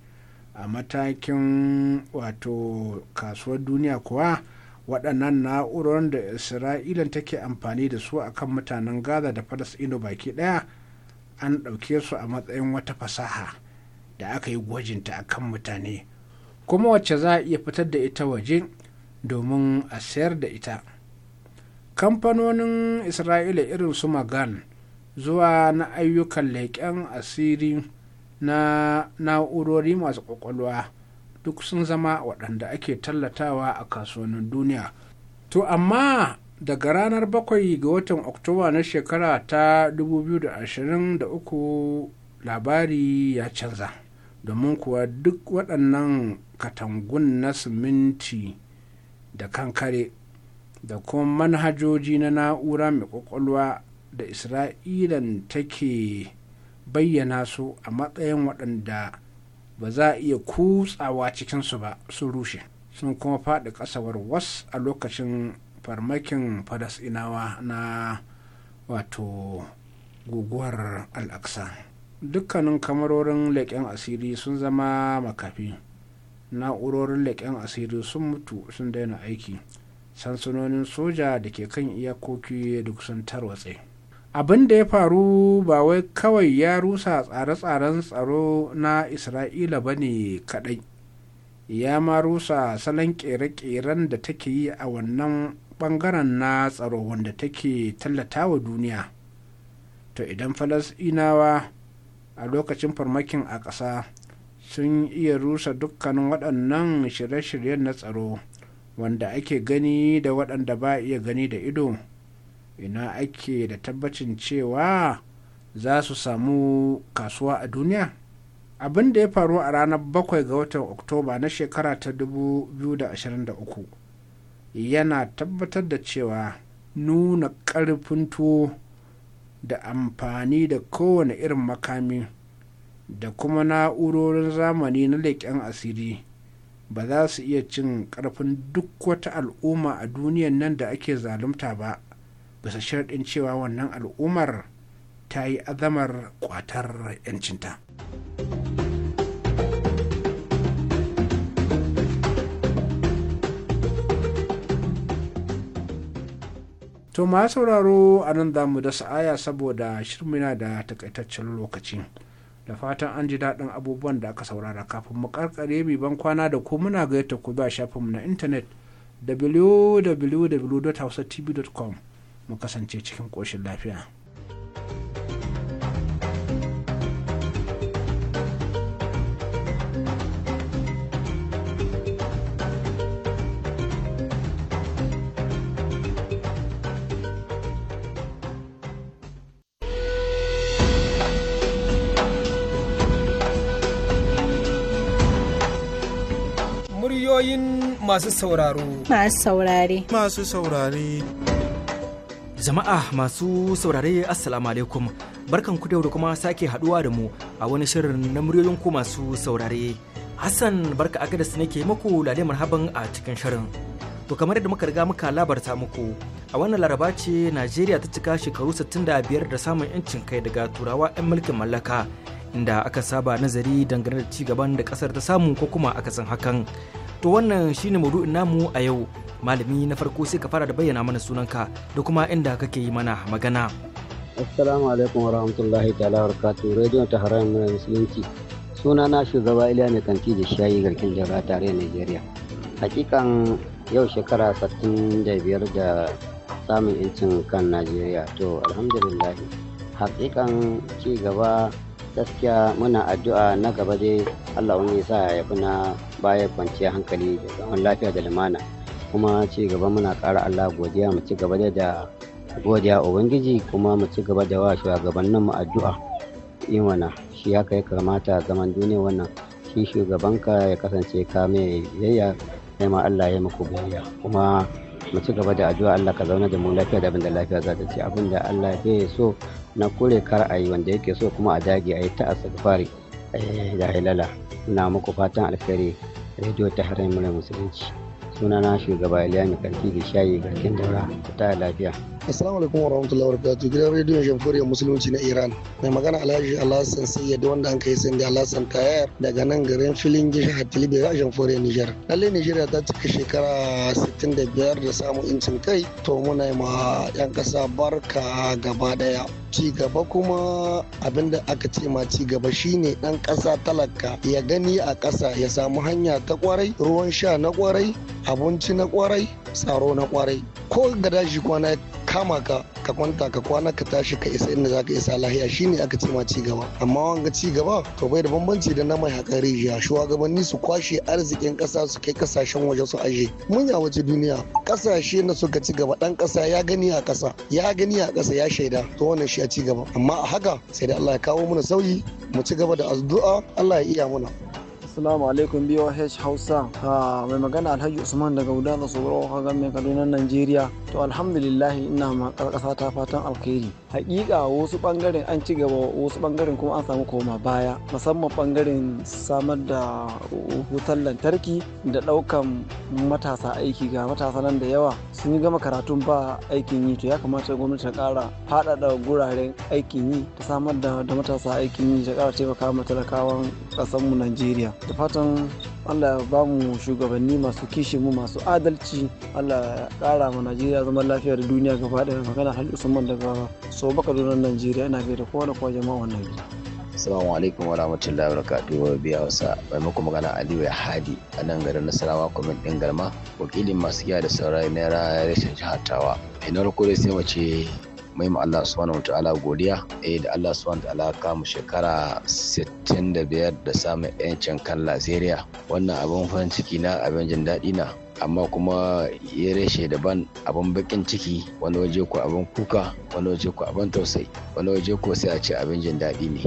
a matakin wato kasuwar duniya kuwa waɗannan na'urar da isra'ila take amfani da su a kan mutanen gaza da falasɗinu baki ɗaya an ɗauke su a matsayin wata fasaha da aka yi gwajinta a kan mutane kuma wacce za a iya fitar da ita waje domin a sayar da ita kamfanonin isra'ila irin su magan zuwa na ayyukan leƙen asiri na na'urori masu ƙwaƙwalwa duk sun zama waɗanda ake tallatawa a kasuwannin duniya to amma daga ranar bakwai ga watan oktoba na shekara ta 2023 labari ya canza domin kuwa duk waɗannan katangun na siminti da kankare da kuma manhajoji na na'ura mai kwakwalwa da isra'ilan take bayyana su a matsayin waɗanda ba za a iya kutsawa cikinsu ba sun rushe sun kuma faɗi ƙasawar was a lokacin farmakin falasɗinawa na wato guguwar al'aksa dukkanin kamarorin leƙen asiri sun zama makafi na'urorin leƙen asiri sun mutu sun daina aiki sansanonin soja da ke kan iyakoki duk sun tarwatse abin da ya faru ba wai kawai ya rusa tsare-tsaren tsaro na isra'ila ba ne kaɗai ya ma rusa salon ƙere-ƙeren da take yi a wannan ɓangaren na tsaro wanda take tallata wa duniya to idan falasɗinawa a lokacin farmakin a ƙasa sun iya rusa dukkanin waɗannan shirye-shiryen na tsaro wanda ake gani da waɗanda ba iya gani da ido ina ake da tabbacin cewa za su samu kasuwa a duniya abin da ya faru a ranar 7 ga watan oktoba na shekara ta 2023 yana tabbatar da cewa nuna ƙarfin tuwo da amfani da kowane irin makami da kuma na'urorin zamani na leƙen asiri ba za su iya cin ƙarfin duk wata al'umma a duniyan nan da ake zalunta ba bisa sharɗin cewa wannan al'ummar ta yi azamar kwatar 'yancinta. To ma sauraro a nan za mu da sa'aya saboda shirmina da takaitaccen lokaci. da fatan an ji daɗin abubuwan da aka saurara kafin mu karkare mai ban kwana da ku muna gayyata ku ba shafinmu na intanet www.hausatv.com mu kasance cikin ƙoshin lafiya. masu sauraro. Masu saurare. Masu saurare. Jama'a masu saurare Assalamu alaikum. Barkan ku da kuma sake haduwa da mu a wani shirin na muryoyin ku masu saurare. Hassan barka aka da su nake muku lale marhaban a cikin shirin. To kamar yadda muka riga muka labarta muku a wannan laraba ce Najeriya ta cika shekaru 65 da samun 'yancin kai daga turawa 'yan mulkin mallaka. inda aka saba nazari dangane da cigaban da kasar ta samu ko kuma aka san hakan to wannan shine maudu'in namu a yau malami na farko sai ka fara da bayyana mana sunanka da kuma inda kake yi mana magana assalamu alaikum warahmatullahi ta'ala barakatuh radio ta haram musulunci suna na shugaba iliya mai kanti da shayi garkin jara tare nigeria hakikan yau shekara biyar da samun 'yancin kan najeriya to alhamdulillah hakikan ci gaba gaskiya muna addu'a na gaba dai Allah wani sa ya fi na baya kwanciya hankali da zaman lafiya da lumana kuma ci gaba muna ƙara Allah godiya mu ci gaba da godiya ubangiji kuma mu ci gaba da wa shugabannin mu addu'a Yin wana shi haka ya kamata zaman duniya wannan shi shugabanka ya kasance ka mai yayya sai ma Allah ya muku biyayya kuma mu ci gaba da addu'a Allah ka zauna da mu lafiya da abinda lafiya za ta ci abin da Allah ya so na kore kar a yi wanda yake so kuma a dage a yi ta asagfari eh, da hilala ina muku fatan alkhairi rediyo ta harin musulunci sunana shugaba iliya mai karfi da shayi garkin daura ta lafiya Assalamu alaikum wa rahmatullahi wa barakatuh gidan rediyon Jamhuriyar Musulunci na Iran. Mai magana Alhaji Alhassan Sayyad wanda an kai sanda Alhassan Tayar daga nan garin filin jihar Tilibe a Jamhuriyar Nijar. Lalle Nijeriya ta cika shekara 65 da samun incin kai to muna ma 'yan kasa barka gaba daya. Ci gaba kuma abinda aka ce ma ci gaba shine ɗan kasa talaka ya gani a kasa ya samu hanya ta kwarai ruwan sha na kwarai abinci na kwarai tsaro na kwarai ko gadaji kwana kama ka ka kwanta ka kwana ka tashi ka isa inda zaka isa lahiya shine aka ce ma ci gaba amma wanga ci gaba to bai da bambanci da na mai hakan rijiya shugabanni su kwashe arzikin kasa su kai kasashen waje su aje mun ya waje duniya kasashe na suka ci gaba dan kasa ya gani a kasa ya gani a kasa ya shaida to wannan shi a ci gaba amma a haka sai da Allah ya kawo mana sauyi mu ci gaba da addu'a Allah ya iya mana Assalamu alaikum BOH Hausa. Ah, mai magana Alhaji Usman daga Wuda da Soboro Haga mai Kaduna Najeriya. To alhamdulillah ina ma ƙasa ta fatan alkhairi. Hakika wasu bangaren an ci gaba wasu bangaren kuma an samu koma baya musamman bangaren samar da wutar lantarki da daukan matasa aiki ga matasa nan da yawa sun yi gama karatun ba aikin yi to ya kamata gwamnati ta ƙara faɗaɗa guraren aikin yi ta samar da matasa aikin yi ta ƙara taimaka ma talakawan ƙasarmu Najeriya. da fatan allah ya ba mu shugabanni masu kishi mu masu adalci allah ya kara ma najeriya zaman lafiya da duniya gaba daya magana hali usman daga baka donon najeriya ina gaida kowa da kowa jama'a wannan gida Assalamu alaikum wa rahmatullahi wa barakatuh wa biya wasa bai muku magana Aliyu ya hadi a nan garin Nasarawa kwamin din Galma wakilin masu giya da saurayi na rashin jihar Tawa. Ina farko sai mace mai ma Allah subhanahu wataala godiya eh da Allah subhanahu ala kamu shekara 65 da samun yancin kan Najeriya wannan abin farin ciki na abin jin daɗi na amma kuma ya reshe daban abin bakin ciki wani waje ko abin kuka wani waje ko abin tausayi wani waje ko sai a ce abin jin daɗi ne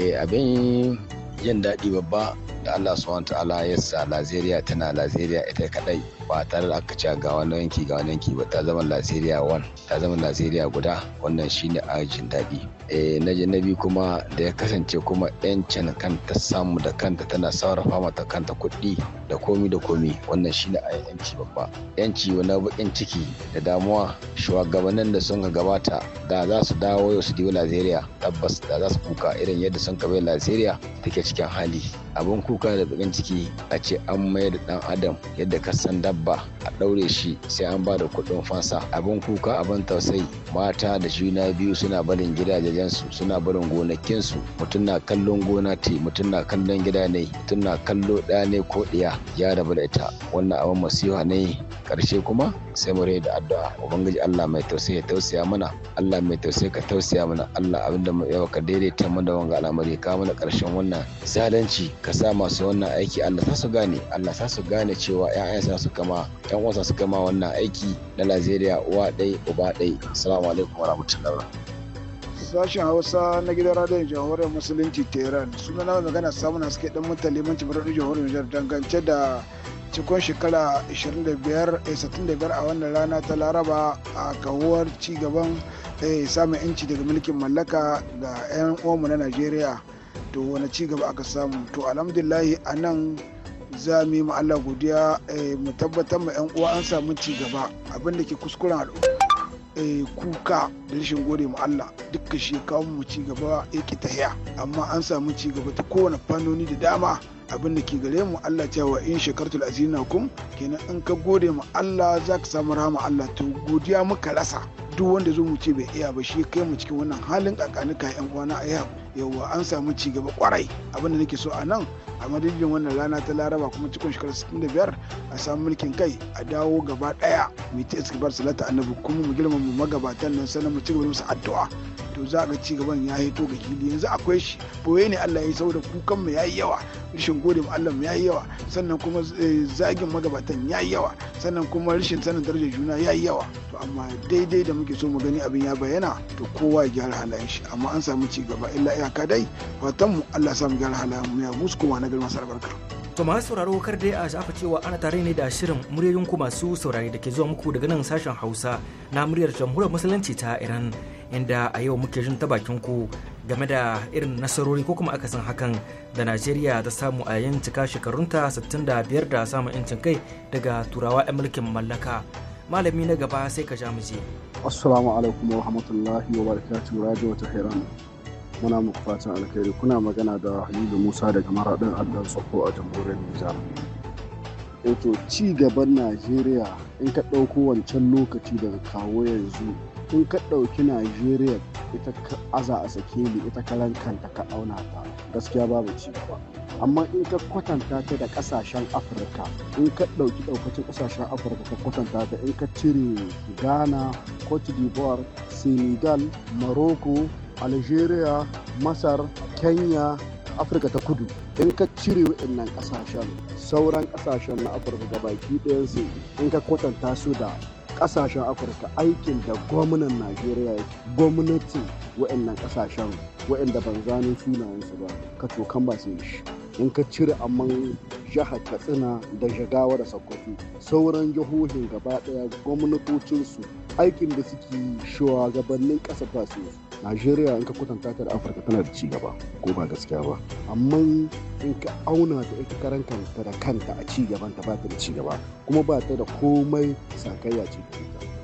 eh abin jin daɗi babba da Allah subhanahu ta'ala ya sa Lazeriya tana Lazeriya ita kadai ba tare da aka ce ga wani yanki ga wani yanki ba ta zama Najeriya wan ta zama Najeriya guda wannan shine ajin daɗi. Eh, na na biyu kuma da ya kasance kuma yancin kanta samu da kanta tana sarrafa mata kanta kuɗi da komi da komi wannan shine a yanci babba yanci wani bakin ciki da damuwa shugabannin da sun gabata da za su dawo su diwa lazeriya tabbas da za su kuka irin yadda sun kabe Najeriya take cikin hali abin kuka da bakin ciki a ce an mayar da ɗan adam yadda ka san dabba a ɗaure shi sai an ba da kuɗin fansa abin kuka abin tausayi mata da juna biyu suna barin gidaje gidajensu suna barin gonakinsu mutum na kallon gona te mutum na kallon gida ne mutum na kallo ɗaya ne ko ɗiya ya rabu da ita wannan abin masiha ne ƙarshe kuma sai mu da addu'a ubangiji Allah mai tausayi ya tausaya mana Allah mai tausayi ka tausaya mana Allah abin da mu yawa ka daidaita mu da wanga al'amari ka mana ƙarshen wannan zalunci ka sa masu wannan aiki Allah sa su gane Allah sa su gane cewa sa su kama ƴan uwansa su kama wannan aiki na Nigeria uwa ɗai uba ɗai assalamu alaikum warahmatullahi sashen hausa na gidan radiyon jamhuriyar musulunci tehran suna na magana samuna suke dan mutan limanci birnin jamhuriyar nijar dangance da cikon shekara 25 eh, a wannan rana ta laraba a kawuwar cigaban eh, samun yanci daga mulkin mallaka ga 'yan uwanmu na najeriya to wani cigaba aka samu to alhamdulillahi a nan za mu yi Allah godiya eh, mu tabbatar mu 'yan uwa an samu cigaba abinda ke kuskuren al'umma Eh, kuka da rashin gode mu Allah dukka shi kawo mu ci gaba ta tahiya amma an samu ci gaba ta kowane fannoni da dama abin da ke gare mu Allah ta wa in shakartul azina kum kenan in ka gode mu Allah za ka samu rahama Allah to godiya muka rasa duk wanda zo mu ce bai iya ba shi kai mu cikin wannan halin kakanuka yan uwana a yau yawwa an samu ci gaba kwarai abinda nake so a nan a madadin wannan rana ta laraba kuma cikin shekarar 65 a samu mulkin kai a dawo gaba daya mu ta bar salata annabi kuma mu girmama magabatan nan sannan mu ci musu addu'a to za ga ci gaban ya hito ga kili yanzu akwai shi boye ne Allah ya saboda kukan mu yayi yawa rishin gode mu Allah mu yayi yawa sannan kuma eh, zagin magabatan yayi yawa sannan kuma rishin sanin darajar juna yayi yawa to amma daidai da muke so mu gani abin ya bayyana to kowa ya gyara halayen shi amma an samu ci gaba illa iyaka dai fatan mu Allah samu gyara halayen mu ya musu kuma na gari masu albarka to masu sauraro kar dai a shafa cewa ana tare ne da shirin muryoyin ku masu saurare da ke zuwa muku daga nan sashen Hausa na muryar jamhuriyar musulunci ta Iran inda a yau muke jin ta bakin ku game da irin nasarori ko kuma akasin hakan da Najeriya ta samu a yayin cika ta sittin da biyar da samun 'yancin kai daga turawa 'yan mulkin mallaka malami na gaba sai ka sha mu je. Assalamu alaikum wa rahmatullahi wa Radio muna muku fatan alkhairi kuna magana da halilu musa daga maradin addan sokko a jamhuriyar nijar wato ci gaban najeriya in ka ɗauko wancan lokaci daga kawo yanzu in ka ɗauki najeriya ita aza a ni ita karan kanta ka auna ta gaskiya babu ci gaba amma in ka kwatanta ta da kasashen afirka in ka ɗauki ɗaukacin kasashen afirka ka kwatanta ta in ka cire ghana cote d'ivoire senegal morocco algeria masar kenya afirka ta kudu in ka cire wa'annan kasashen sauran kasashen na afirka gabaki baki ɗayansu in ka kwatanta su da kasashen afirka aikin da gwamnan najeriya ya gwamnati wa'annan kasashen wa'anda ban sunayen sunayensu ba ka cokan ba sai shi in ka cire amman jihar katsina da jigawa da sokoto sauran jihohin gaba daya gwamnatocinsu aikin da suke shugabannin ƙasa ba su najeriya in ka kwatanta ta da afirka tana da cigaba ko ba gaskiya ba amma in ka auna ta ita karan kanta da kanta a cigaban ta ba ta da cigaba kuma ba ta da komai sakayya ce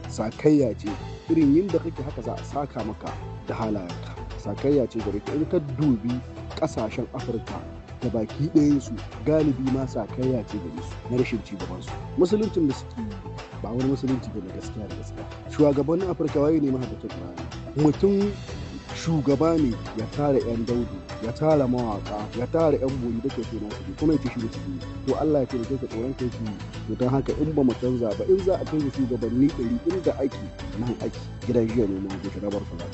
sakayya ce irin yin kake haka za a saka maka da halayenka sakayya ce gare ka in ka dubi kasashen afirka da baki ɗayansu galibi ma sakayya ce gare su na rashin cigabansu musuluncin da suke ba wani musulunci ba gaskiya da gaskiya shugabannin afirka waye ne mahaifin qur'ani mutum shugaba ne ya tara 'yan daudu ya tara mawaka ya tara 'yan bori da ke nasu su kuma ya shiru ciki to Allah ya taimake ka tsoron kai to don haka in ba mu canza ba in za a canza shugabanni ɗari inda ake nan ake gidan jiya ne mun gudu shugabar kula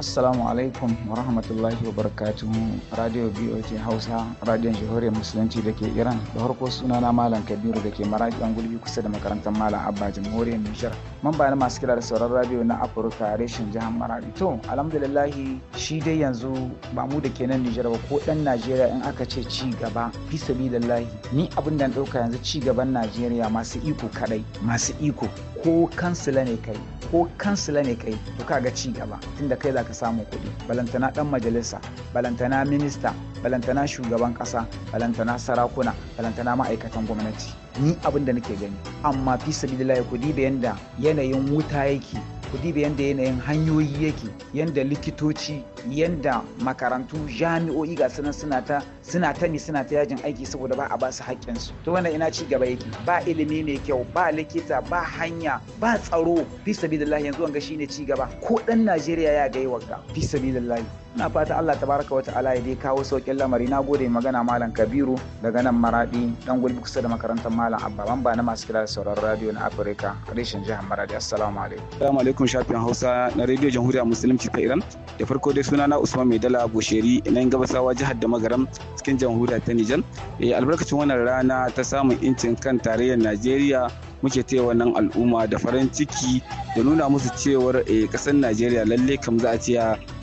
assalamu alaikum wa rahmatullahi wa barakatuhu radio bot hausa radiyon shahoriyar musulunci da ke iran da harko suna na malam kabiru da ke maraki an gulbi kusa da makarantar malam abba jamhuriyar nijar mamba na masu kira da sauran radio na afirka reshen jihar maradi to alhamdulillahi shi dai yanzu ba mu da ke nan nijar ba ko ɗan najeriya in aka ce ci gaba fi lallahi. ni abin da na ɗauka yanzu ci gaban najeriya masu iko kaɗai, masu iko ko kansila ne kai ko kansila ne kai to ka ga ci gaba tunda kai za ka samu kuɗi balantana ɗan majalisa balantana minista balantana shugaban ƙasa balantana sarakuna balantana ma'aikatan gwamnati ni abin da nake gani amma fi sabilillahi kuɗi da yanda yanayin wuta yake ku diba yadda yanayin hanyoyi yake yadda likitoci yadda makarantu jami'o'i ga sunan suna ta suna ta ne suna ta yajin aiki saboda ba a ba su haƙƙinsu to wannan ina ci gaba yake ba ilimi mai kyau ba likita ba hanya ba tsaro fi sabilillahi yanzu wanga shine ci gaba ko dan Najeriya ya ga yi wagga fi sabilillahi ina fata Allah tabaraka wa ta'ala ya dai kawo saukin lamari na gode magana malam Kabiru daga nan Maradi dan gulbi kusa da makarantar malam Abba Bamba na masu kira da sauraron radio na Afirka reshen jihar Maradi assalamu alaikum assalamu alaikum shafin Hausa na rediyo Jamhuriyar Musulunci ta Iran da farko dai suna na Usman Maidala Busheri nan gabasawa jihar da Magaram cikin Jamhuriyar ta Nijar eh, albarkacin wannan rana ta samun incin kan tarayyar Najeriya muke taya wannan al'umma da farin ciki da nuna musu cewar kasar eh, najeriya lalle kam za a ce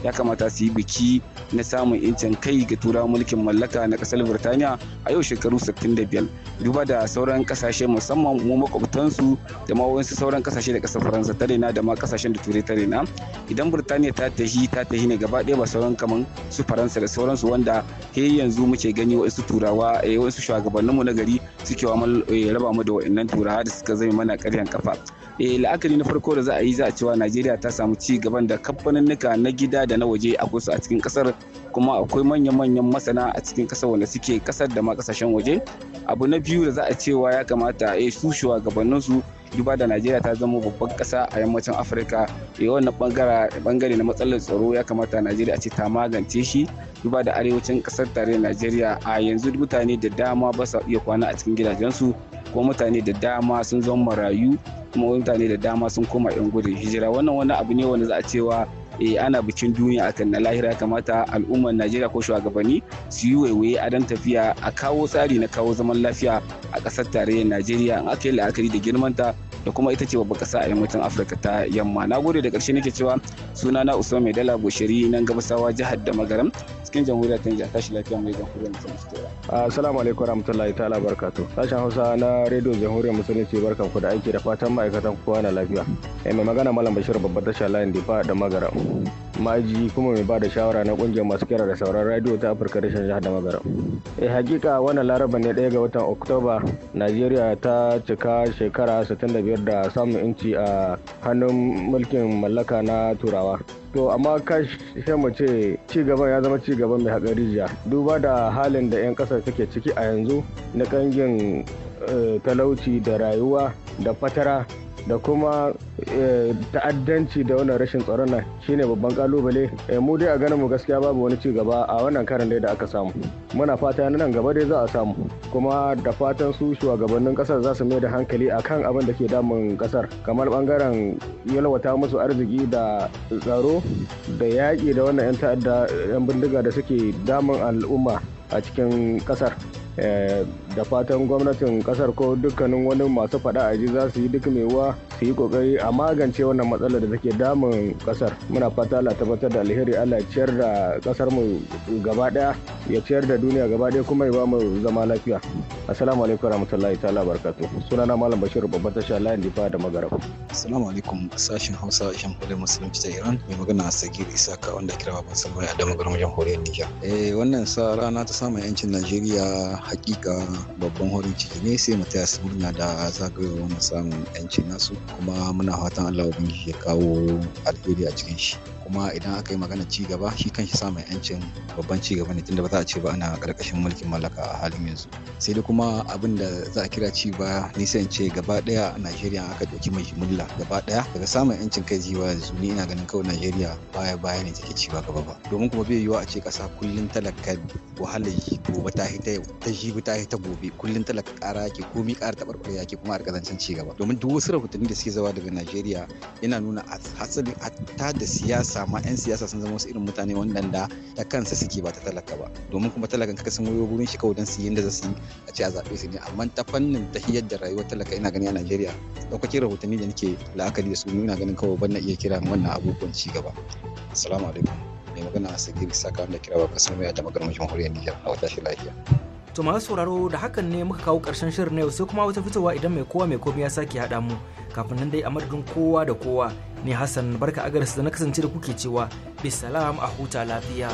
ya kamata su yi biki na samun incin kai ga turawan mulkin mallaka na kasar birtaniya a yau shekaru 65 duba da sauran kasashe musamman mu makwabtansu da ma wasu sauran kasashe da kasar faransa ta rena da ma kasashen da turai ta rena idan birtaniya ta tahi ta tahi ne gaba ɗaya ba sauran kaman su faransa da sauransu wanda he yanzu muke gani wasu turawa eh, wasu shugabanninmu na gari suke wa eh, raba mu da wa'annan turawa da suke. suka zai mana karyan kafa eh la'akari na farko da za a yi za a cewa najeriya ta samu ci gaban da kamfaninnika na gida da na waje a kusa a cikin kasar kuma akwai manya-manyan masana a cikin kasar wanda suke kasar da ma kasashen waje abu na biyu da za a cewa ya kamata eh su gabanin su duba da najeriya ta zama babban kasa a yammacin afirka eh wannan bangare na matsalar tsaro ya kamata najeriya ce ta magance shi duba da arewacin kasar tare najeriya a yanzu mutane da dama ba sa iya kwana a cikin gidajensu kuma mutane da dama sun zama marayu kuma mutane da dama sun koma 'yan gudun hijira wannan wani abu ne wanda za a cewa e, ana bikin duniya akan na lahira kamata al'ummar najeriya ko shugabanni su yi waiwaye a dan tafiya a kawo tsari na kawo zaman lafiya a ƙasar tarayyar najeriya in aka yi la'akari da girmanta da kuma ita ce babbar ƙasa a yammacin afirka ta yamma na gode da ƙarshe nake cewa suna na usman mai dala goshiri nan gabasawa jihar da magaram cikin jamhuriyar ta tashi lafiya mai jamhuriyar musulunci ta assalamu alaikum warahmatullahi ta'ala barkatu sashen hausa na rediyo jamhuriyar musulunci barkan ku da aiki da fatan ma'aikatan kowa na lafiya eh, mai magana malam bashir babbar tasha layin difa da magaram maji kuma mai ba da shawara na kungiyar masu kira da sauran radio ta afirka da jihar da magaram eh hakika wannan laraba ne daya ga watan oktoba najeriya ta cika shekara 65 da samun inci a hannun mulkin mallaka na Turawa. to amma kashe mu ce ci gaban ya zama ci gaban mai jiya duba da halin da 'yan ƙasar suke ciki a yanzu na kangin eh, talauci da rayuwa da fatara da kuma eh, ta'addanci da wannan rashin tsaron nan shine babban kalubale eh, mu dai a ganin mu gaskiya babu wani ci gaba a wannan karin da aka samu muna fata nan gaba dai za a samu kuma da fatan su shugabannin kasar za su mai da hankali akan abin da ke damun kasar kamar bangaren yalwata musu arziki da tsaro da yaƙi da wannan 'yan ta'adda 'yan bindiga da suke damun al'umma a cikin kasar Eh, da fatan gwamnatin kasar ko dukkanin wani masu faɗa a ji za su yi duk mai wa su yi kokari a magance wannan matsalar da take damun kasar muna fata Allah tabbatar da alheri Allah ciyar da kasar mu gaba daya ya ciyar da duniya gaba daya kuma ya ba mu zama lafiya assalamu alaikum warahmatullahi ta'ala barkatu sunana malam bashir babban tasha layin difa da magarab assalamu alaikum sashin hausa shan jamhuriyar musulunci ta iran mai magana sagir isaka wanda kira baban salmai a damagaram jamhuriyar nijar eh wannan sa rana ta samun yancin najeriya hakika babban horin ciki ne sai mu taya su murna da zagayowar wannan samun yancin nasu kuma muna fatan Allah ubangiji ya kawo alheri a cikin shi kuma idan aka yi magana ci gaba shi kanshi samun yancin babban ci gaba ne tunda ba za a ce ba ana karkashin mulkin mallaka a halin yanzu sai dai kuma abin da za a kira ci ba nisan ce gaba daya najeriya aka dauki mai mulla gaba daya daga samun yancin kai zuwa yanzu ni ina ganin kawai najeriya baya baya ne take ci ba gaba ba domin kuma bai yiwuwa a ce kasa kullun talaka wahalar gobe ta hita ta jibi ta hita gobe kullun talaka kara yake komi kara tabarbare yake kuma a kazancin ci gaba domin duk wasu rahotanni da suke zawa daga najeriya yana nuna hasalin hatta da siyasa siyasa 'yan siyasa sun zama wasu irin mutane wanda da kansa suke ba ta talaka ba domin kuma talakan kaka sun wayo gurin shi kawai don su yi yadda za su yi a ce a zaɓe su ne amma ta fannin ta hiyar da rayuwar talaka ina gani a Najeriya ɗaukakin rahotanni da nake la'akari da su ina ganin kawai ban na iya kira wannan abubuwan ci gaba assalamu alaikum mai magana a sagiri saka wanda kira ba kasar mai a damar jamhuriyar Nijar a wata shi lafiya. To masu sauraro da hakan ne muka kawo karshen shirin na yau sai kuma wata fitowa idan mai kowa mai komai ya sake haɗa mu kafin nan dai a madadin kowa da kowa ne Hassan barka agarsu da na kasance da kuke cewa bisalam a huta lafiya.